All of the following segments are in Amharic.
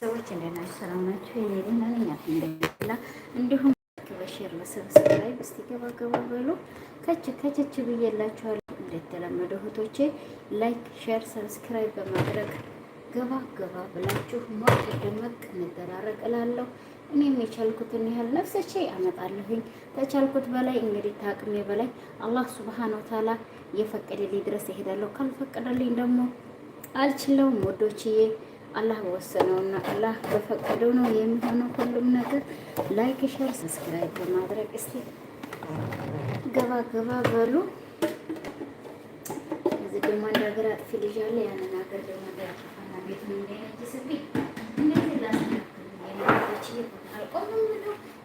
ቤተሰቦች እንደት ናችሁ? ሰላም ናችሁ? የእኔ ደህና ነኝ አልሐምዱሊላህ። እንዲሁም በሼር በሰብስብ ላይ እስቲ ገባ ገባ በሉ ከች ከቸች ብዬላችኋለሁ። እንደተለመደ እህቶቼ ላይክ፣ ሼር፣ ሰብስክራይብ በማድረግ ገባ ገባ ብላችሁ ሞቅ ደመቅ እንደራረቅ እላለሁ። እኔም የቻልኩትን ያህል ነፍሰቼ አመጣለሁኝ። ተቻልኩት በላይ እንግዲህ ታቅሜ በላይ አላህ ሱብሃነሁ ወተዓላ የፈቀደልኝ ድረስ እሄዳለሁ። ካልፈቀደልኝ ደግሞ አልችለውም ወዶችዬ አላህ በወሰነውና አላህ በፈቀደው ነው የሚሆነው ሁሉም ነገር። ላይክ፣ ሸር፣ ሰብስክራይብ በማድረግ እስቲ ገባ ገባ በሉ። እዚህ ደግሞ አንድ ሀገር አጥፊ ልጅ አለ። ያንን ሀገር ደግሞ ዳፋና ቤት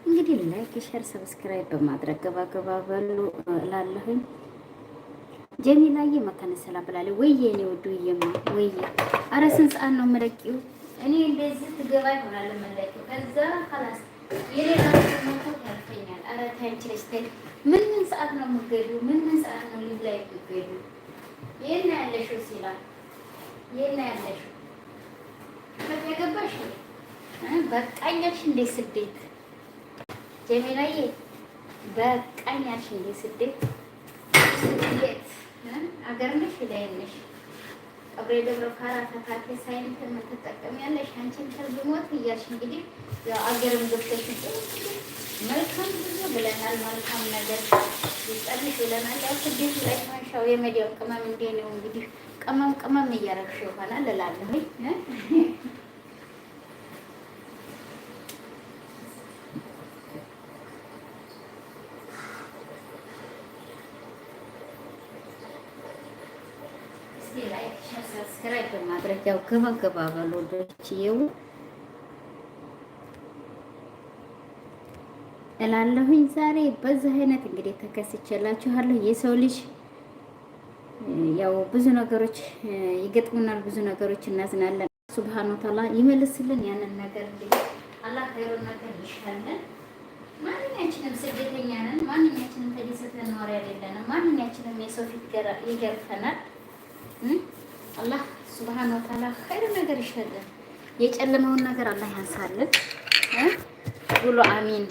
እንግዲህ ላይክ፣ ሸር፣ ሰብስክራይብ በማድረግ ገባ ገባ በሉ ላለሁኝ ጀሚላዬ መካነ ሰላም ብላለች። ወይዬ እኔ ወዱዬማ ወይዬ፣ ኧረ ስንት ሰዓት ነው የምለቂው? እኔ እንደዚህ ትገባ ይሆናል የምለቂው። ከዛ ኸላስ የኔ መቶ ያልፈኛል። ኧረ ተይ አንቺ ነሽ ተይ። ምን ምን ሰዓት ነው የምትገቢው? ምን ምን ሰዓት ነው ሊብ ላይ የምትገቢው? የት ነው ያለሽው ሲላል፣ የት ነው ያለሽው? ኢትዮጵያ ገባሽ በቃኝ አልሽ እንደ ስደት ጀሚላዬ፣ በቃኝ አልሽ እንደ ስደት ስደት አገር ነሽ ላይ ነሽ ቀብሬ ደብረ ፋራ ተካቴ ሳይንት የምትጠቀም ያለሽ አንቺን ተርጉሞት እያልሽ እንግዲህ ያው አገርም ገብተሽ መልካም ብዙ ብለናል። መልካም ነገር ይጠልሽ ብለናል። ያው ስደት ላይ ሆንሻው የመዲያው ቅመም እንዴ ነው እንግዲህ ቅመም ቅመም እያረግሽ ይሆናል እላለሁ። ያው ገባ ገባ በሉ ወዶችዬው እላለሁኝ። ዛሬ በዚህ አይነት እንግዲህ ተከስቼላችኋለሁ። የሰው ልጅ ያው ብዙ ነገሮች ይገጥሙናል፣ ብዙ ነገሮች እናዝናለን። ሱብሃነ ወተዓላ ይመልስልን ያንን ነገር እንግዲህ አላህ ኸይሩን ነገር ይሻለን። ማንኛችንም ስደተኛ ነን። ማንኛችንም ተደስተን ኖር ያለነን ማንኛችንም የሰው ፊት ይገርፈናል። አላህ ሱብሃነ ወተዓላ ኸይር ነገር ይሸልን፣ የጨለመውን ነገር አላህ ያንሳልን። ብሎ አሚን።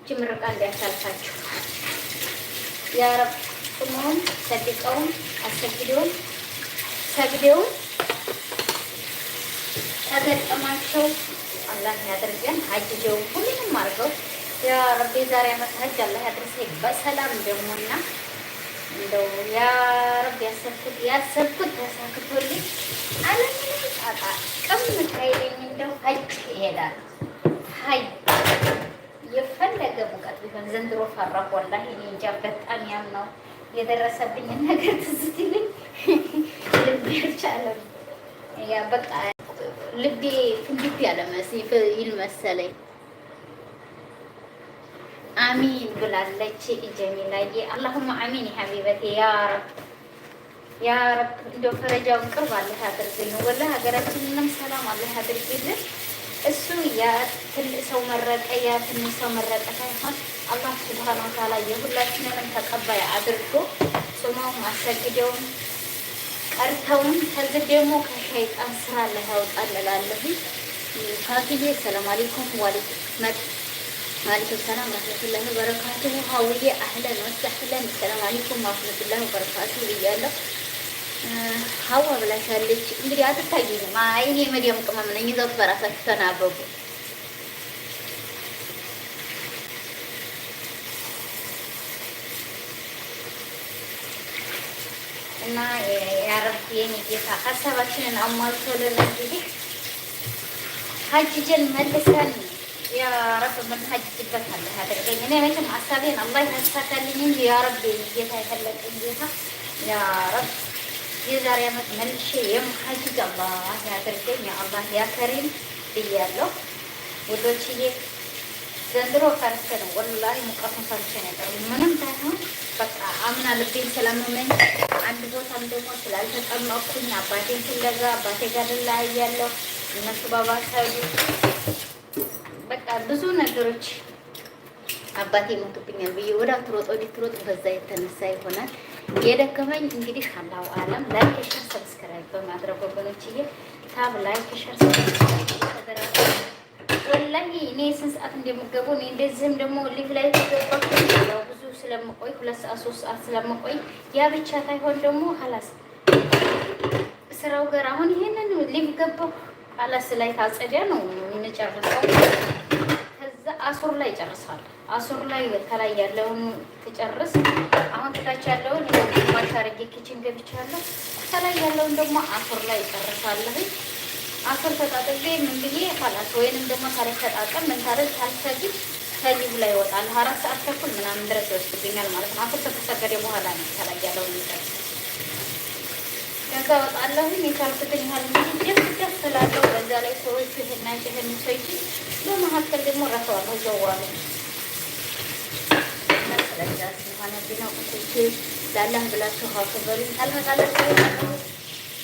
እቺ እንዲያሳልፋችሁ ያ ረብ። ሰድቀውም አሰግደውም ሰግደውም ተገጠማቸው አላህ ያድርገን። ሀጅጀው ሁሉንም አድርገው ያ የዛሬ ዓመት ሀጅ አላህ ያድርሰኝ በሰላም ደግሞና እንደው ያ ያሰብኩት ያሰብኩት ተሳክቶልኝ አለምንም ጣጣ ቅምት አይለኝ እንደው ሀጅ ይሄዳል። ሀይ የፈለገ ሙቀት ቢሆን ዘንድሮ ፈራሁ። ወላሂ እኔ እንጃ በጣም ያም ነው የደረሰብኝን ነገር ትዝ ሲልኝ ልቤ ያ በቃ ልቤ ፍንድቤ ያለመስ ይል መሰለኝ አሚን ብላለች ጀሚላዬ። አላሁማ አሚን ሀቢበቴ ያ ረብ እንደው ፈረጃውን ቅርብ አለ አድርግልን። ወላ ሀገራችንንም ሰላም አለ አድርግልን። እሱ ትልቅ ሰው መረቀ፣ ያ ትንሽ ሰው መረቀ ሳይሆን አላህ ሱብሃነሁ ወተዓላ የሁላችንንም ተቀባይ አድርጎ ጾመውም አሰግደውም ቀርተውም ከዚህ ደግሞ ከሸይጣን ስራ ላይ ያውጣል እላለሁ። ሰላም አለይኩም ዋሌ መጥ አለይኩም ሰላም ረህመቱላሂ ወበረካቱሁ። ሀውዬ አህለን ወሰህለን ሰላም አለይኩም ረህመቱላሂ ወበረካቱሁ ብያለሁ። ሀዋ ብላሻለች። እንግዲህ አትታየኝም። አይ እኔ መዲያም ቅመም ነኝ። ይዘውት በራሳችሁ ተናበቡ። እና የአረብ የኔ ጌታ ሀሳባችንን አሟልቶልን እንግዲህ ሀጅጀን መልሰን ያ ረብ የምንሀጅበታለህ አድርገኝ። እኔ መቼም ሀሳቤን አላህ ያሳካልኝ እንጂ ያ ረብ ጌታ የፈለቀኝ ጌታ ያ ረብ የዛሬ ዓመት መልሼ የምሀጅ አላህ ያድርገኝ። አላህ ያከሪም ብያለሁ ውዶችዬ። ዘንድሮ ፈርቼ ነው ወላሂ ሙቀቱን ፈርቼ ነው የቀረው። ምንም ባይሆን በቃ አምና ልቤን ስለምመኝ አንድ ቦታም ደግሞ ስላልተጠመኩኝ አባቴን ፍለጋ አባቴ ጋር ልለያያለሁ እነሱ ባባ በቃ ብዙ ነገሮች አባቴ ይሞቱብኛል ብዬ ወደ አትሮጥ ወዲህ በዛ የተነሳ ይሆናል የደከመኝ። እንግዲህ አላሁ አለም። ላይክ ሸር፣ ሰብስክራይብ በማድረግ ወገኖችዬ፣ ታብ ላይክ ሸር፣ ሰብስክራይብ ወላሂ እኔ ስንት ሰዓት እንደምገቡ እኔ እንደዚህም ደግሞ ሊቭ ላይ ተገባኩ ብዙ ስለምቆይ ሁለት ሰዓት ሶስት ሰዓት ስለምቆይ ያ ብቻ ታይሆን ደግሞ ሀላስ ስራው ጋር አሁን ይሄንን ሊቭ ገባሁ ሀላስ ላይ ታጸዲያ ነው የምንጨርሰው። አሱር ላይ ይጨርሳል። አሱር ላይ ከላይ ያለውን ትጨርስ። አሁን ከታች ያለውን ማታረጌ ኪችን ገብቻለሁ። ከላይ ያለውን ደግሞ አሱር ላይ ይጨርሳለሁ። አሱር ተጣጥቤ ምን ብዬ ካላስ ወይንም ደግሞ ታሪክ ተጣጥም ምን ታረግ ካልሰግድ ከዚህ ላይ ይወጣል። አራት ሰዓት ተኩል ምናምን ድረስ ይወስድብኛል ማለት ነው። አሱር ከተሰገደ በኋላ ነው ከላይ ያለውን ይጨርሳል። ያጋወጣለሁ የቻልኩትን ያህል ደስ ደስ ስላለው በዛ ላይ ሰዎቹ ይሄና ይሄን ሰዎች በመካከል ደግሞ ረተዋለሁ ዘዋሉ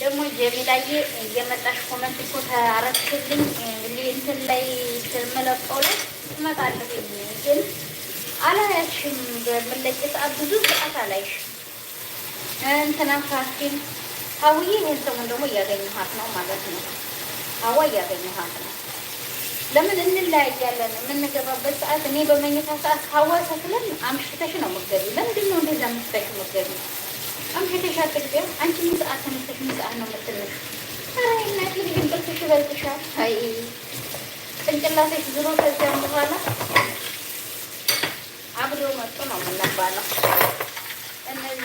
ደግሞ ጀሚላዬ እየመጣሽ ኮመንት እኮ ታረክልኝ እንትን ላይ ትመለቀው ላይ ትመጣለሁ ግን አላያሽም። በምለቂ ሰዓት ብዙ ሰዓት አላይሽ እንትና ፋሲል ሀውዬ ይህን ሰሞን ደግሞ እያገኘኋት ነው ማለት ነው። ሀዋ እያገኘኋት ነው። ለምን እንለያያለን? የምንገባበት ሰዓት እኔ በመኝታ ሰዓት ሀዋ ተክለን አምሽተሽ ነው የምትገቢው። ለምንድን ነው እንደዛ አምሽተሽ የምትገቢው? አምሽተሽ አትግቢያ። አንቺ ምን ሰዓት ተነስተሽ ምን ሰዓት ነው የምትነሽ? አይ እናቴ ልጅ እንቅልፍሽ ይበልጥሻል። አይ ጭንቅላትሽ ዝሮ ከዚያም በኋላ አብዶ መጡ ነው የምንባለው።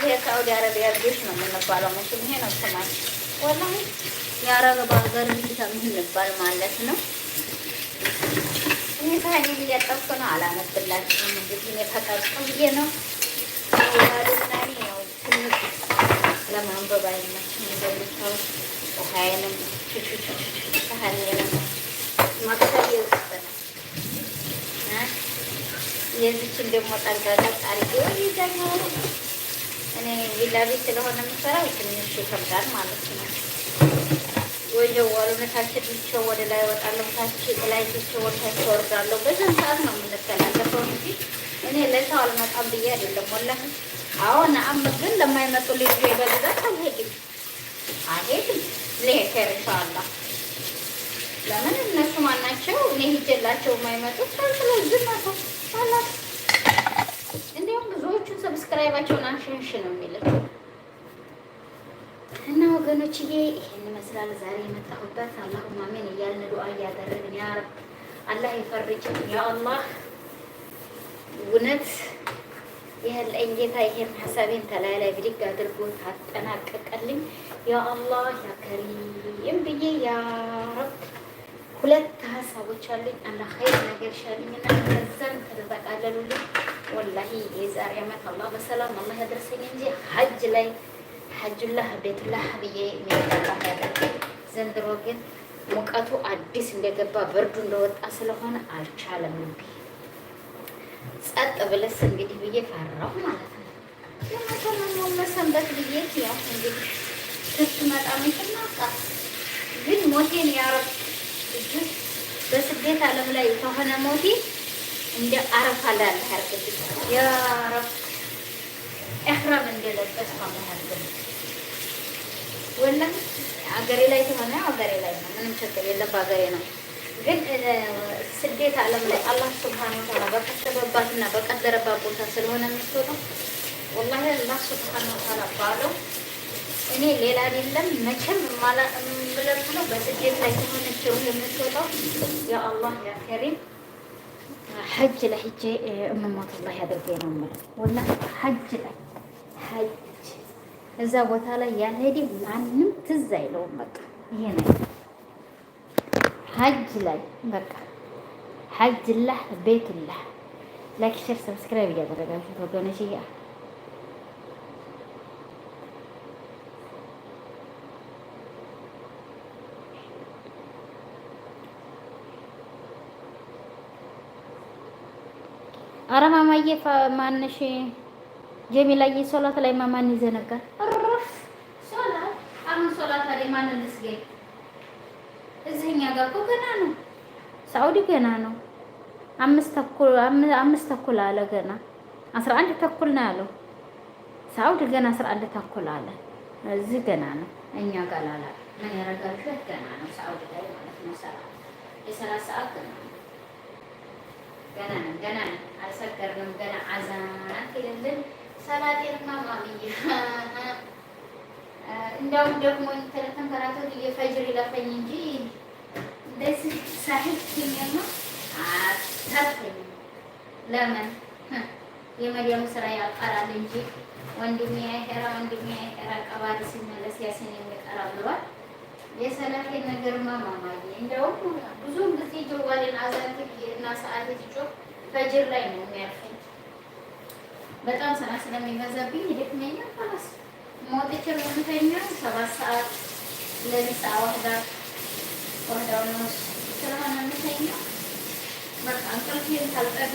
የሳውዲ አረቢያ ልጆች ነው የምንባለው። መቼም ይሄ ነው ስማ፣ ወላሂ የአረብ ሀገር ልጅ የምንባል ማለት ነው። እኔ ሳህኔን እያጠብኩ ነው። አላነብላችሁም እንግዲህ እኔ ተቀርጾ ብዬ ነው ዋድናኔ ነው ትንሽ ለማንበብ አይመችም። እንደሚታው ውሃዬንም ሳህኔንም መቅሰብ የውስጥ ነው የዚችን ደግሞ ጠርጋጋ ጣሪ ወይዛኛው እኔ ቪላ ቤት ስለሆነ የምሰራው ትንሽ ይከብዳል ማለት ነው። ወጀዋሉ መታችን ብቻው ወደ ላይ እወጣለሁ፣ ታች ላይ ብቻው ወደ ታች እወርዳለሁ። በዛን ሰዓት ነው የምንተላለፈው እንጂ እኔ ለሰው አልመጣም ብዬ አይደለም። ወላሂ አሁን አም ግን ለማይመጡ ልጅ በብዛት አልሄድም አልሄድም ልሄድ ኢንሻአላህ። ለምን እነሱ ማናቸው እኔ ሂጄላቸው የማይመጡት ካልስለል ዝም አቶ አላት ሰብስክራይባቸውን አንሽንሽ ነው የሚለው እና ወገኖችዬ፣ ይሄን ይመስላል ዛሬ የመጣሁበት። አላሁም አሜን እያልን ዱአ እያደረግን ያ ረብ አላህ ይፈርጅን። ያ አላህ እውነት ይህን ጌታ ይሄን ሀሳቤን ተላላይ ብድግ አድርጎ አጠናቀቀልኝ። ያ አላህ ያ ከሪም ብዬ ያ ረብ ሁለት ሀሳቦች አሉኝ። አላህ ኸይር ነገር ይሻልኝና እነዛን ተጠቃለሉልኝ። ወላሂ የዛሬ ዓመት አላህ በሰላም አላህ ያደረሰኝ እንጂ ሀጅ ላይ ሀጁላህ ቤቱላህ ብዬ ያደርገኝ። ዘንድሮ ግን ሙቀቱ አዲስ እንደገባ ብርዱ እንደወጣ ስለሆነ አልቻለም። ጸጥ ብለስ እንግዲህ ብዬ ፈራሁ ማለት ነው። ለመተመኛው መሰንበት ብዬ ያው እንግዲህ ስትመጣ መኪና ግን ሞቴን ያረብ በስደት ዓለም ላይ ከሆነ ሞቴ እንደ አረፋ ላለ ያርገት ያ ረብ ኢህራም እንደለበስኩ አላርገት ወላሂ አገሬ ላይ ተሆነ አገሬ ላይ ነው፣ ምንም ችግር የለም። በአገሬ ነው። ግን ስደት ዓለም ላይ አላህ ስብሓን ወተዓላ በከተበባትና በቀደረባት ቦታ ስለሆነ የምትወጣው ወላሂ አላህ ስብሓን ወተዓላ ባለው እኔ ሌላ አይደለም መቼም የምለብስ ነው። በስደት ላይ ከሆነችው የምትወጣው የአላህ ያ ሐጅ ለሂጄ የምሞት ላ ያደርገ ነው የምልህ ወላሂ ሐጅ ላይ ሐጅ እዛ ቦታ ላይ ያልሄደ ማንም ትዝ አይለውም። በቃ ይሄ ነገር ሐጅ ላይ በቃ ሐጅ ላህ ቤቱላህ ላይክ ሼር ሰብስክራይብ እያደረጋችሁት ወገኖች እያ አረ ማማዬ ማንሽ ጀሚላዬ ሶላት ላይ ማማን ይዘነጋል። አረፍ ሶላት አሁን ሶላት ላይ ማን ልስገኝ? እዚህኛ ጋር እኮ ገና ነው። ሳኡዲ ገና ነው። አምስት ተኩል አምስት ተኩል አለ ገና 11 ተኩል ነው ያለው። ሳውዲ ገና 11 ተኩል አለ። እዚህ ገና ነው። እኛ ጋር ላላ ምን ያረጋችሁ ገና ነው። ሳኡዲ ላይ ማለት ነው ሰዓት የሰላሳ ሰዓት ገና ነው። ገና ነን፣ ገና ነን፣ አልሰገርንም። ገና ይልልን ሰላጤንማ ማሚዬ ደግሞ ይለፈኝ እንጂ ትኛማ አታፈኝ። ለምን ስራ ያቀራል እንጂ ወንድሜ ያሄራ ወንድሜ ያሄራ ቀባሪ ሲመለስ ያስን የሚቀራ ብሏል። የሰላቴን ነገርማ ማማ እንደውም ብዙውን ጊዜ ጆሮዋሌን አዛንት እና ሰዓት ሲጮህ ፈጅር ላይ ነው የሚያልፈኝ። በጣም ስራ ስለሚበዛብኝ ይደክመኛል። ላስ ሞጥቼ ምንተኛ ሰባት ሰዓት ለዚህ ሰዓ ዋህዳ ዋህዳው ስለሆነ የምተኛው በቃ እንቅልፌን ታልጠግብ